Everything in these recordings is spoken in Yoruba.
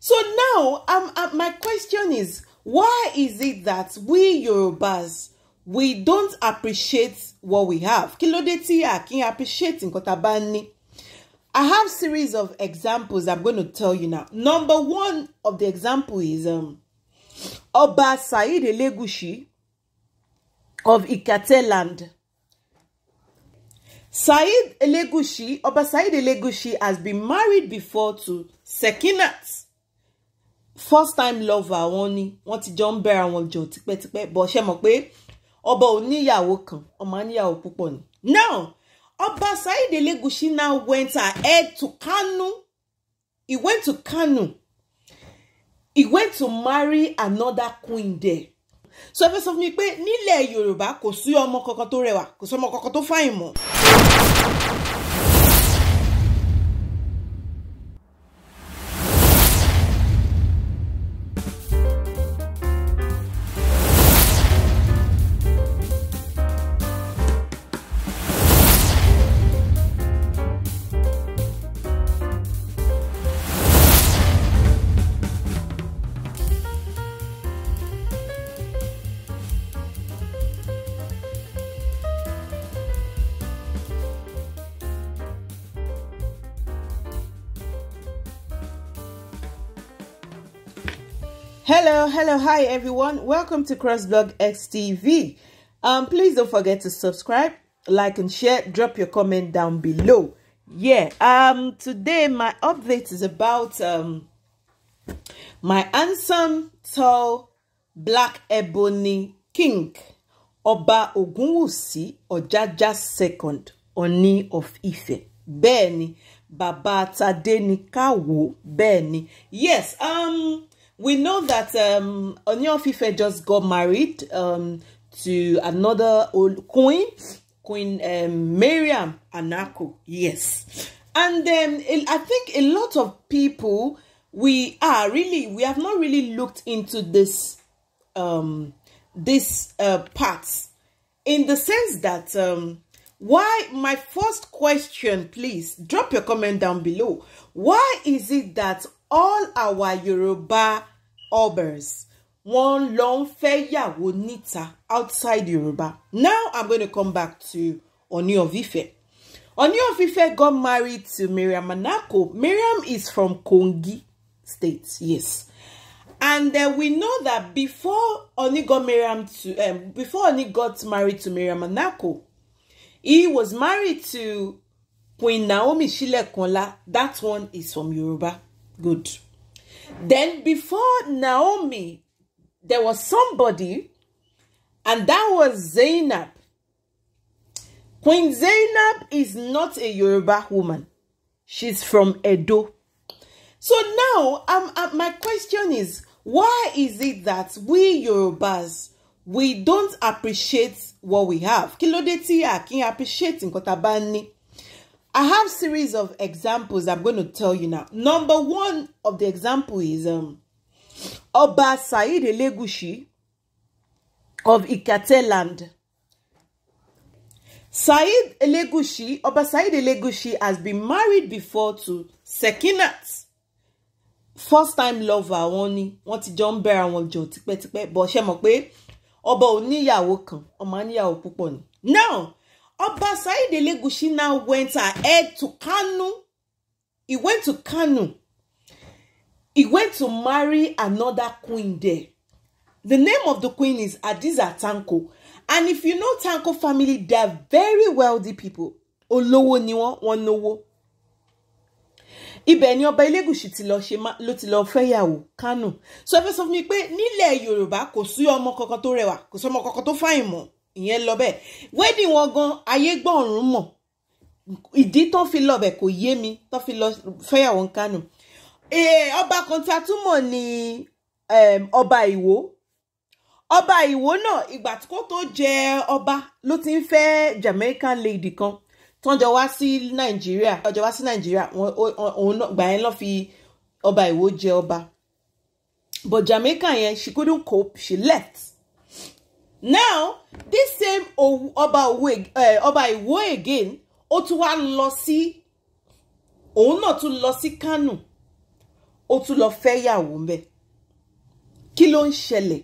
So now, um, uh, my question is, why is it that we Yorubas, we don't appreciate what we have? Kilodeti ló dé tí a I have series of examples I'm going to tell you now. Number one of the example is um, Oba Saheed Elegushi of Ikate land. Saheed Elegushi, Oba Saheed Elegushi has been married before to Sekinat first time lover wọn ni wọ́n ti jọ ń bẹ́ra wọn jọ tipẹ́tipẹ́ bọ̀ ṣe mọ̀ pé ọba ò níyàwó kan ọmọ níyàwó púpọ̀ ni. now ọba Saheed Elegushi now went ahead to Kanu he went to Kanu he went to marry another queen there so ẹ fẹ́ sọ fún mi pé nílẹ̀ Yorùbá kò sí ọmọ kankan tó rẹwà kò sí ọmọ kankan tó fàìn mọ́. Hello, hello, hi everyone. Welcome to Crossblog XTV. Um, please don't forget to subscribe, like and share. Drop your comment down below. Yeah, um, today my update is about um my handsome, tall, black ebony king, Oba Ogunwusi Ojaja second, Oni of Ife. Benny Baba Tadeni Kawo, Benny. Yes, um, we know that um, Onyofife just got married um, to another old queen, Queen um, Miriam Anako. Yes. And um, I think a lot of people, we are really, we have not really looked into this, um, this uh, part in the sense that um, why my first question please drop your comment down below why is it that all our Yoruba obers one lọ ń fẹ́ yàwó níta outside Yoruba. now I'm going to come back to Oni of Ife Oni of Ife got married to Miriam Manako. Miriam is from Kogi State yes and uh, we know that before Oni got Miriam to um, before Oni got married to Miriam Manako, he was married to Queen Naomi Shilekunla that one is from Yoruba Good. Then before Naomi, there was somebody, and that was Zainab. Queen Zainab is not a Yoruba woman. She's from Edo. So now, um, uh, my question is, why is it that we Yorubas, we don't appreciate what we have? Kí ló I have series of examples I'm going to tell you now. Number one of the example is um, Oba Said Elegushi of Ikate land. Said Elegushi, Oba Said Elegushi has been married before to Sekinat. First time lover wọn ni wọ́n ti jọ ń bẹ̀rẹ̀ àwọn jọ tipẹ́tipẹ́ bọ̀ ṣe mọ̀ pé ọba ò níyàwó kan ọmọ níyàwó púpọ̀ ni. Now Oba Saheed Elegushi now went ahead to Kanu. He went to Kanu. He went to marry another queen there. The name of the queen is Hadiza Tanko. And if you know Tanko family, they are very wealthy people. Olowo ni wọ́n, wọ́n lówó. Ibẹ̀ ni Ọba Elégùṣì ti lọ ṣe ló ti lọ fẹ́yàwó Kánò. So ẹ fẹ́ sọ fún mi pé nílẹ̀ Yorùbá kò sí ọmọ kankan tó rẹwà, kò sí ọmọ kankan tó fàìn mọ́ ìyẹn lọ bẹ́ẹ̀ wedding wọn gan ayé gbọ̀nrún mọ̀ ìdí tán fi lọ́bẹ̀ kò yé mi tán fi lọ fẹ́yàwó ń kánò ọba kan tí a tún mọ̀ ní ọba ìwó ọba ìwó náà ìgbà tí kò tó jẹ ọba ló ti ń fẹ́ Jamaican lady kan tán jọ wá sí Nàìjíríà tán jọ wá sí Nàìjíríà òun náà gbà yẹn lọ fi ọba ìwó jẹ ọba but Jamaican yẹn she couldn't cope she left now this same ọba eh, ọba Ìwó again ó tún wá lọ sí òun náà tún lọ sí Kánò ó tún lọ fẹ́ yàwó mbẹ̀ kí ló ń ṣẹlẹ̀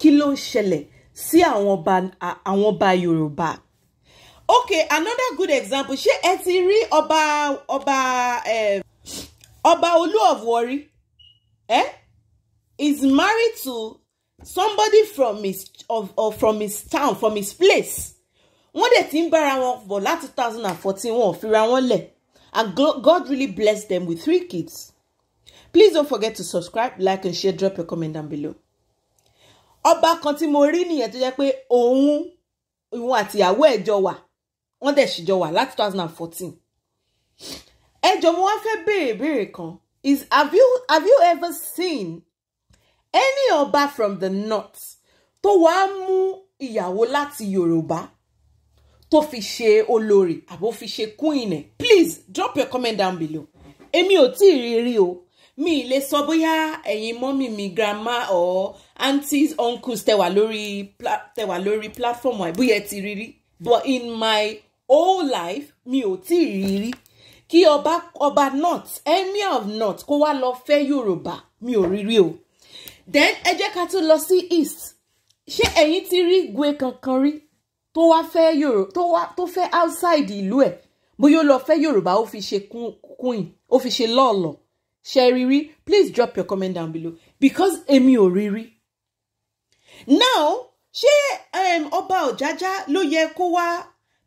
kí ló ń ṣẹlẹ̀ sí àwọn ọba Yorùbá okay another good example ṣé ẹ ti rí ọba ọba eh, ọba Olú of Warri eh? is married to somebody from his of, of from his town from his place wọ́n dẹ̀ ti ń bára wọn bọ̀ láti two thousand and fourteen wọn ò fira wọn lẹ̀ and God really blessed them with three kids please don't forget to subscribe like and share drop your comment down below. ọba kan tí mo rí nìyẹn tó jẹ́ pé òun òun àti ìyàwó ẹ̀ jọ wà wọ́n dẹ̀ sì wà láti two thousand and fourteen. ẹ jọ̀ọ́ mo wá fẹ́ béèrè béèrè kan is have you have you ever seen any ọba from the north tó wàá mú ìyàwó láti yorùbá tó fi ṣe olórí àbó fi ṣe queen ẹ̀ please drop your comment down below èmi ò tí ì rí rí o mi ì lè sọ bóyá ẹ̀yin mọ́mì mi grandma or aunties uncles tẹ̀wà lórí tẹ̀wà lórí platform ẹ̀ bóyá ẹ ti rí rí but in my whole life mi ò tí ì rí rí kí ọba ọba north emir of north kó wá lọ fẹ́ yorùbá mi ò rí rí o then ẹ jẹ́ ká tún lọ sí east ṣé ẹ̀yin ti rí gwe kankan rí tó wá fẹ́ yorùbá tó wá tó fẹ́ outside ìlú ẹ̀ bóyá ó lọ fẹ́ yorùbá ó fi ṣe queen ó fi ṣe lọ́ọ̀lọ́ ṣe rí rí please drop your comment down below because èmi ò rí rí now ṣé um, ọba ọ̀jájá ló yẹ kó wá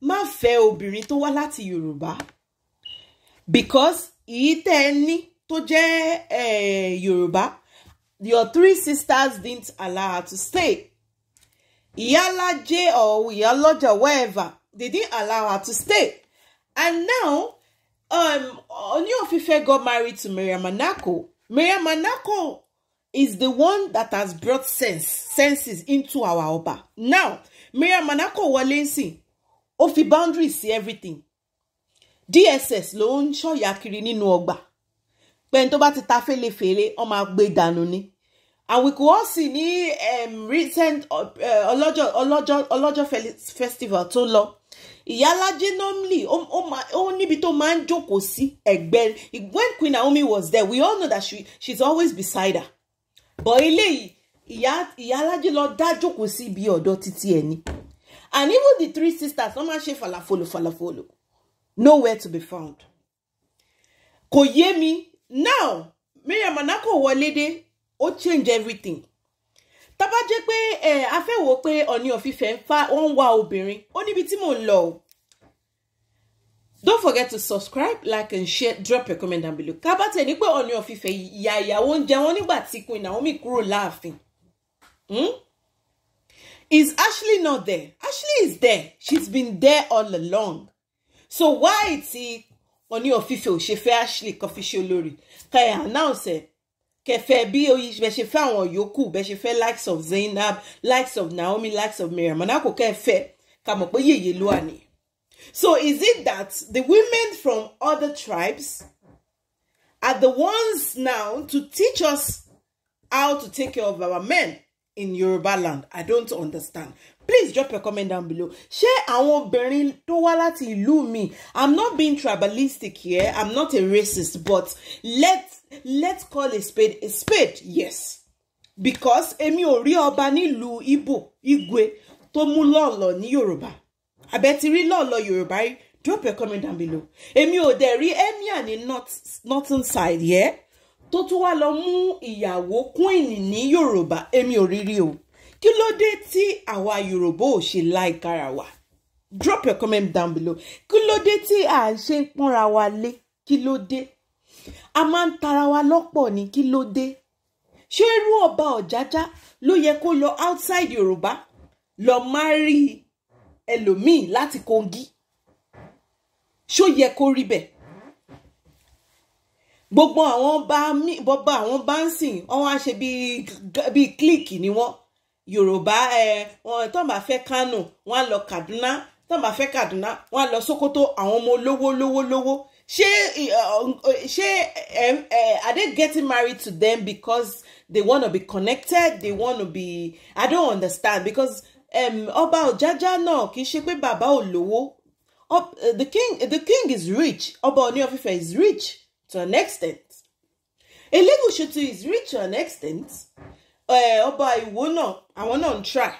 má fẹ́ obìnrin tó wá láti yorùbá because èyí tẹ́ ẹ ní tó jẹ́ eh, yorùbá your three sisters didn't allow her to stay. Yala J or Iyaloja, wherever, they didn't allow her to stay. And now, um, Ooni of got married to Maria Manako. Maria Manako is the one that has brought sense, senses into our Oba. Now, Maria Manako Walensi sí, ó boundaries see everything. DSS loan show ṣọ̀yà kiri nínú ọgbà. Pẹ̀ntó bá ti ta fẹ́lẹ́fẹ́lẹ́, and we could all see ní um, recent uh, uh, ọlọ́jọ́ ọlọ́jọ́ ọlọ́jọ́ festival tó lọ ìyálájé normally ó níbi tó máa ń jókòó sí ẹ̀gbẹ́ when Queen Naomi was there we all know that she she's always beside her but eléyìí ìyá ìyálájé lọ dá jókòó sí ibi ọ̀dọ̀ títí ẹ̀ ni and even the three sisters wọ́n máa ṣe falafolo falafolo nowhere to be found kò yé mi now Mariam Anako wọlé dé ó change everything tá bá jẹ́ pé ẹ eh, a fẹ́ wò ó pé Ọọ̀ni of Ifẹ̀ ń fa wọ́n ń wá obìnrin ó níbi tí mò ń lọ o don't forget to subscribe like and share drop your comment down below ká bá ní pé Ọọ̀ni of ìyá ìyàwó ń jẹ nígbà tí Queen Naomi kúrò láàfin hmm? is Ashley not there Ashley is there she's been there all along so why ti Ọọ̀ni of ò ṣe fẹ́ Ashley kan ṣe olórí kẹ́hìn announce ẹ̀ kẹfẹ bí oyin bẹ ṣe fẹ́ àwọn yòókù bẹ ṣe fẹ́ likes of Zainab likes of Naomi likes of Mariam anako kẹfẹ ká mọ̀ pé yèyé ló wà ní. So is it that the women from other tribes are the ones now to teach us how to take care of our men? in Yoruba land I don't understand please drop your comment down below ṣé àwọn obìnrin tó wá láti ìlú mi I'm not being tribalistic here I'm not a racist but let's let's call a spade a spade yes because èmi ò rí ọba nílùú Ìgbò Igwe tó mú lọ́ọ̀lọ́ ní Yorùbá àbẹ̀tí rí lọ́ọ̀lọ́ Yorùbá drop your comment down below èmi ò dẹ̀ rí emir ní northern side yẹn. Yeah? tó tún wá lọ mú ìyàwó queen ní yorùbá èmi ò rírí o kí ló dé tí àwa yorùbá ò ṣe like ara wa drop your comment down below kí ló dé tí à ń ṣe ń pọ́nra wa lé kí ló dé a máa ń tara wa lọ́pọ̀ ní kí ló dé ṣé irú ọba ọ̀jájá ló yẹ kó lọ outside yorùbá lọ máa rí ẹlòmíì láti Kogi ṣó yẹ kó rí bẹ́ẹ̀ gbogbo àwọn bá mí bọ́bá àwọn bá ń sìn wọ́n bíi kílíkì ni wọ́n yorùbá ẹ wọn tó bá fẹ́ kánò wọ́n lọ kaduna tó bá fẹ́ kaduna wọ́n lọ sokoto àwọn ọmọ olówó lówó lówó ṣé eh, ṣé eh, eh, are they getting married to them because they wanna be connected they wanna be i don't understand because ọba um, ọ̀jájá náà kì í ṣe pé bàbá ò lówó the king the king is rich ọba Ọọ̀ni of Ifẹ̀ is rich to an extent elégo ṣètò is rich to an extent eh, ọba ìwó náà àwọn náà ń try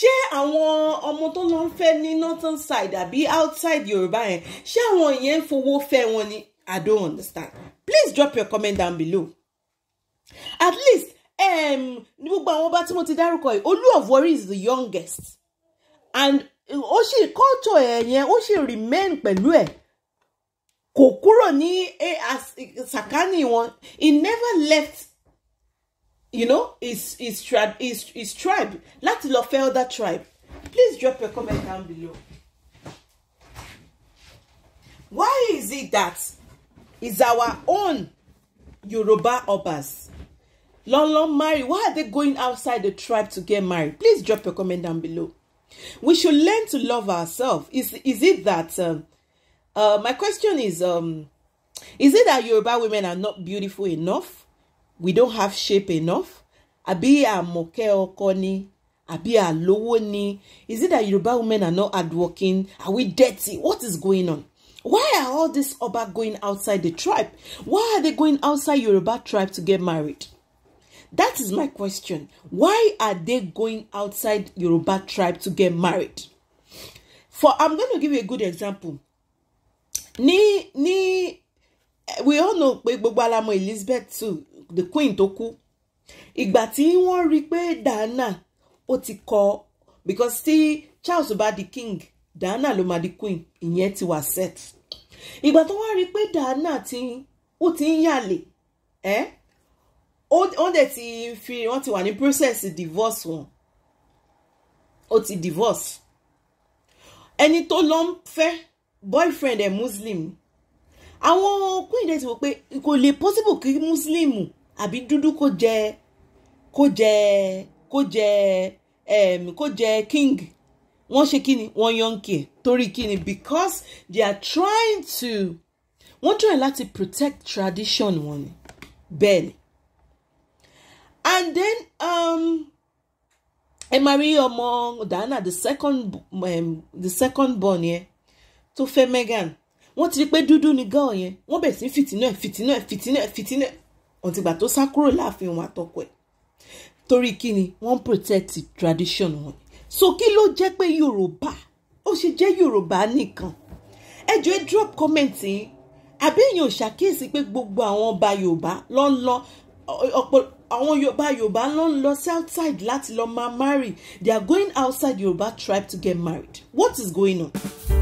ṣé àwọn ọmọ tó lọ ń fẹ́ ní northern side àbí outside yorùbá yẹn ṣé àwọn yẹn ń fowó fẹ́ wọn ni i don't understand please drop your comment down below at least um, ní gbogbo àwọn ọba tí mo ti dárúkọ yìí olú of warri is the youngest and ó ṣì culture ẹ̀ yẹn ó ṣì remain pẹ̀lú ẹ̀ kò kúrò ní sàkání wọn he never left you know his his tribe his, his tribe láti lọ fẹ́ other tribe please drop your comment down below why is it that is our own Yoruba obas long long marry why are they going outside the tribe to get married please drop your comment down below we should learn to love ourselves is is it that. uh, Uh, my question is um, Is it that Yoruba women are not beautiful enough? We don't have shape enough? Àbí àmọ̀kẹ́ ọkọ ni? Àbí àlówó ni? Is it that Yoruba women are not hardworking? Are we dirty? What is going on? Why are all these Oba going outside the tribe? Why are they going outside Yoruba tribe to get married? That is my question. Why are they going outside Yoruba tribe to get married? For I'm going to give you a good example. ní ní we all know pé gbogbo alamọ Elizabeth too the queen tó kú ìgbà tí wọ́n rí pé Diana ó ti kọ because tí Charles bá di king Dana ló máa di queen ìyẹn ti wà set ìgbà tó wá rí pé Diana ti ó ti ń yàlè ẹ́ wọ́n dẹ̀ ti fi wọ́n ti wà ní process divorce wọn ó ti divorce ẹni tó lọ ń fẹ́ boyfriend ẹ̀ muslim àwọn queen dẹ̀ ti wò pé kò lè possible kí muslim àbí dúdú kó jẹ kó jẹ kó jẹ um, kó jẹ king wọ́n ṣe kí ni wọ́n yọ̀ǹkì torí kí ni because they are trying to wọ́n try láti protect tradition wọn ni bẹ́ẹ̀ ni and then um, ẹ máa rí ọmọ Diana the second um, the second born yẹn. Yeah? tó fẹ́ Megan wọ́n ti rí pé dúdú ni gán yẹn wọ́n bẹ̀rẹ̀ sí fìtínà fìtínà fìtínà fìtínà ọ̀tìgbà tó sá kúrò láàfin wọn àtọkọ ẹ̀ torí kí ni wọ́n protect tradition wọn so kí ló jẹ́ pé Yorùbá ó ṣe jẹ́ Yorùbá nìkan ẹ jọ̀ọ́ ẹ drop comment yín àbí èèyàn ò ṣàkíyèsí pé gbogbo àwọn ọba Yorùbá ló ń lọ ọ̀pọ̀ àwọn Yorùbá Yorùbá ló ń lọ sí outside láti lọ máa marry they are going outside Yorùbá tribe to get married what is going on.